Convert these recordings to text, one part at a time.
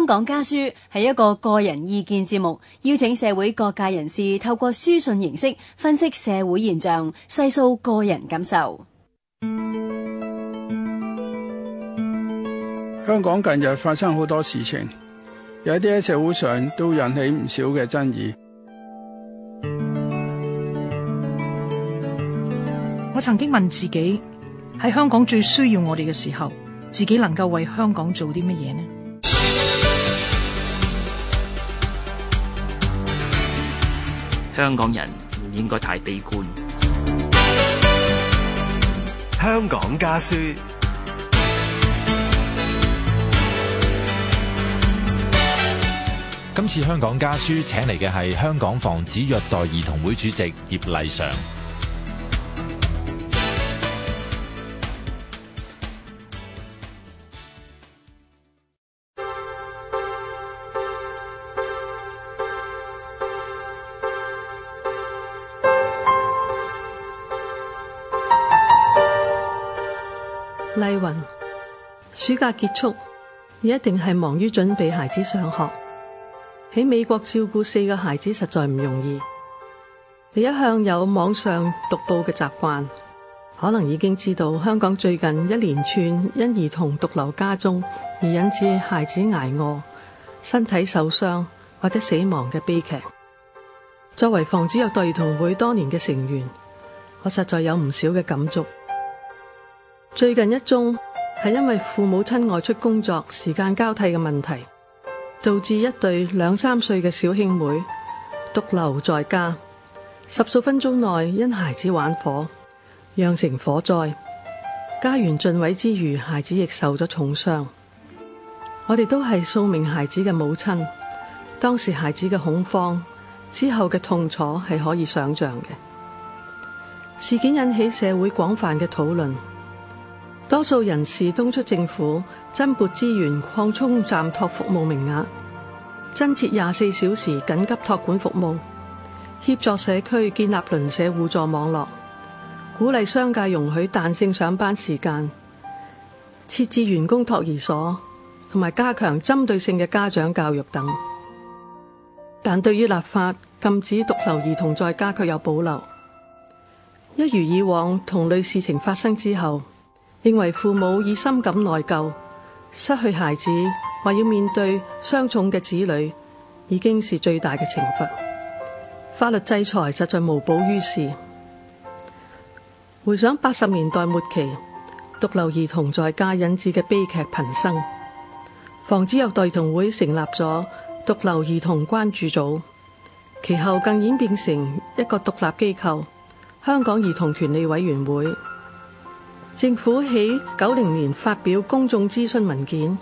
《香港家書》係一個個人意見節目，邀請社會各界人士透過書信形式分析社會現象、細數個人感受。香港近日發生好多事情，有一啲喺社會上都引起唔少嘅爭議。我曾經問自己：喺香港最需要我哋嘅時候，自己能夠為香港做啲乜嘢呢？香港人唔應該太悲觀。香港家書，今次香港家書請嚟嘅係香港防止虐待兒童會主席葉麗嫦。氣雲，暑假結束，你一定係忙於準備孩子上學。喺美國照顧四個孩子實在唔容易。你一向有網上讀報嘅習慣，可能已經知道香港最近一連串因兒童獨留家中而引致孩子捱餓、身體受傷或者死亡嘅悲劇。作為防止虐待兒童會多年嘅成員，我實在有唔少嘅感觸。最近一宗係因為父母親外出工作時間交替嘅問題，導致一對兩三歲嘅小兄妹獨留在家，十數分鐘內因孩子玩火釀成火災，家園盡毀之餘，孩子亦受咗重傷。我哋都係數名孩子嘅母親，當時孩子嘅恐慌，之後嘅痛楚係可以想象嘅。事件引起社會廣泛嘅討論。多數人士敦促政府增撥資源，擴充暫托服務名額，增設廿四小時緊急托管服務，協助社區建立鄰舍互助網絡，鼓勵商界容許彈性上班時間，設置員工托兒所，同埋加強針對性嘅家長教育等。但對於立法禁止獨留兒童在家，卻有保留。一如以往，同類事情發生之後。認為父母已深感內疚，失去孩子或要面對傷重嘅子女，已經是最大嘅懲罰，法律制裁實在無補於事。回想八十年代末期，獨留兒童在家引致嘅悲劇頻生，防止虐待兒童會成立咗獨留兒童關注組，其後更演變成一個獨立機構——香港兒童權利委員會。政府喺九零年發表公眾諮詢文件，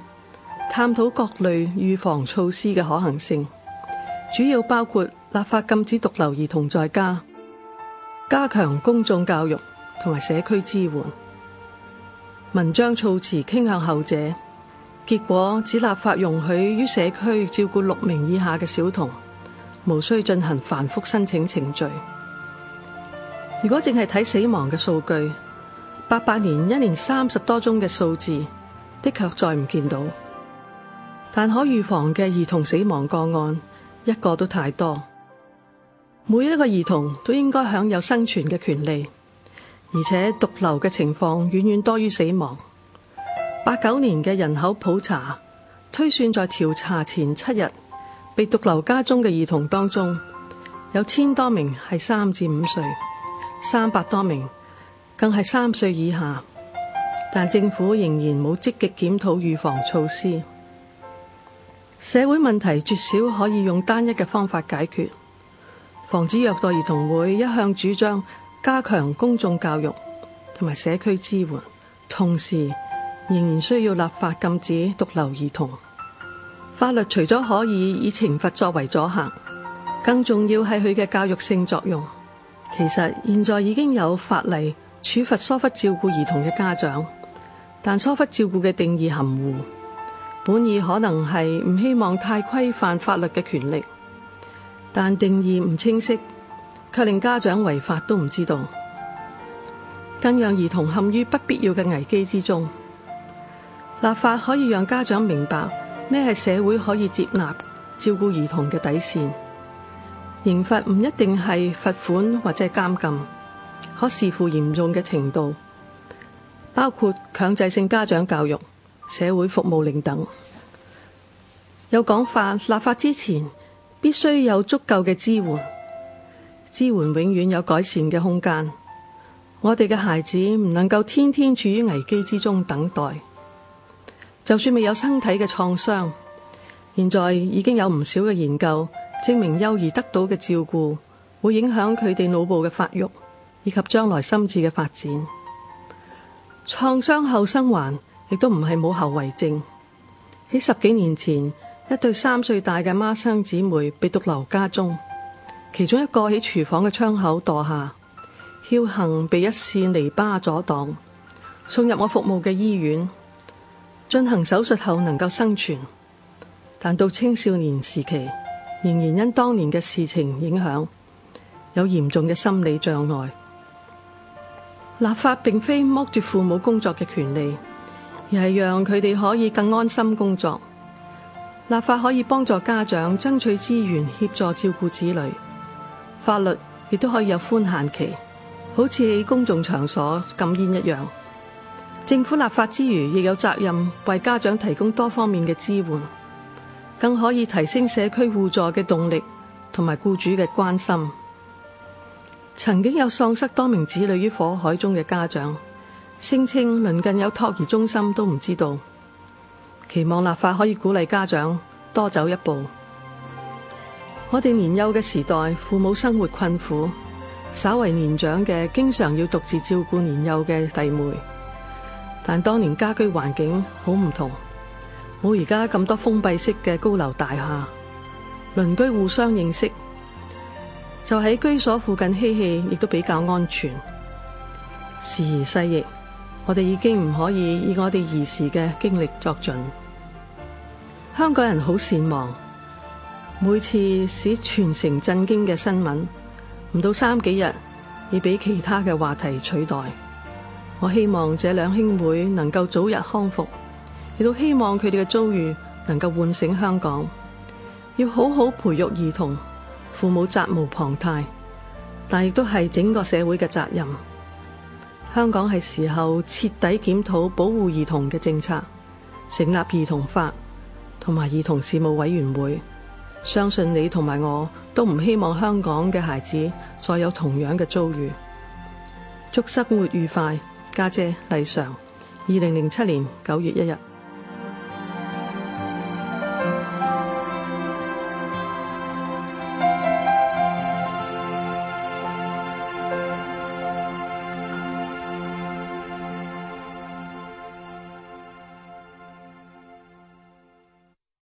探討各類預防措施嘅可行性，主要包括立法禁止獨留兒童在家、加強公眾教育同埋社區支援。文章措辭傾向後者，結果只立法容許於社區照顧六名以下嘅小童，無需進行繁複申請程序。如果淨係睇死亡嘅數據。八八年一年三十多宗嘅數字的確再唔見到，但可預防嘅兒童死亡個案一個都太多。每一個兒童都應該享有生存嘅權利，而且獨留嘅情況遠遠多於死亡。八九年嘅人口普查推算，在調查前七日被獨留家中嘅兒童當中，有千多名係三至五歲，三百多名。更係三歲以下，但政府仍然冇積極檢討預防措施。社會問題絕少可以用單一嘅方法解決。防止虐待兒童會一向主張加強公眾教育同埋社區支援，同時仍然需要立法禁止獨留兒童。法律除咗可以以懲罰作為阻嚇，更重要係佢嘅教育性作用。其實現在已經有法例。處罰疏忽照顧兒童嘅家長，但疏忽照顧嘅定義含糊，本意可能係唔希望太規範法律嘅權力，但定義唔清晰，却令家長違法都唔知道，更讓兒童陷於不必要嘅危機之中。立法可以讓家長明白咩係社會可以接納照顧兒童嘅底線，刑罰唔一定係罰款或者係監禁。可視乎嚴重嘅程度，包括強制性家長教育、社會服務令等。有講法，立法之前必須有足夠嘅支援，支援永遠有改善嘅空間。我哋嘅孩子唔能夠天天處於危機之中等待。就算未有身體嘅創傷，現在已經有唔少嘅研究證明，幼兒得到嘅照顧會影響佢哋腦部嘅發育。以及將來心智嘅發展，創傷後生還亦都唔係冇後遺症。喺十幾年前，一對三歲大嘅孖生姊妹被獨留家中，其中一個喺廚房嘅窗口墮下，僥倖被一線泥巴阻擋，送入我服務嘅醫院進行手術後能夠生存，但到青少年時期仍然因當年嘅事情影響，有嚴重嘅心理障礙。立法並非剝奪父母工作嘅權利，而係讓佢哋可以更安心工作。立法可以幫助家長爭取資源，協助照顧子女。法律亦都可以有寬限期，好似喺公眾場所禁煙一樣。政府立法之餘，亦有責任為家長提供多方面嘅支援，更可以提升社區互助嘅動力，同埋僱主嘅關心。曾經有喪失多名子女於火海中嘅家長，聲稱鄰近有托兒中心都唔知道，期望立法可以鼓勵家長多走一步。我哋年幼嘅時代，父母生活困苦，稍為年長嘅經常要獨自照顧年幼嘅弟妹，但當年家居環境好唔同，冇而家咁多封閉式嘅高樓大廈，鄰居互相認識，就喺居所附近嬉戲，亦都比較安全。時移世易，我哋已經唔可以以我哋兒時嘅經歷作準。香港人好善忘，每次使全城震驚嘅新聞，唔到三幾日，已俾其他嘅話題取代。我希望這兩兄妹能夠早日康復，亦都希望佢哋嘅遭遇能夠喚醒香港，要好好培育兒童。父母責無旁貸，但亦都係整個社會嘅責任。香港係時候徹底檢討保護兒童嘅政策，成立兒童法同埋兒童事務委員會。相信你同埋我都唔希望香港嘅孩子再有同樣嘅遭遇。祝生活愉快，家姐麗嫦，二零零七年九月一日。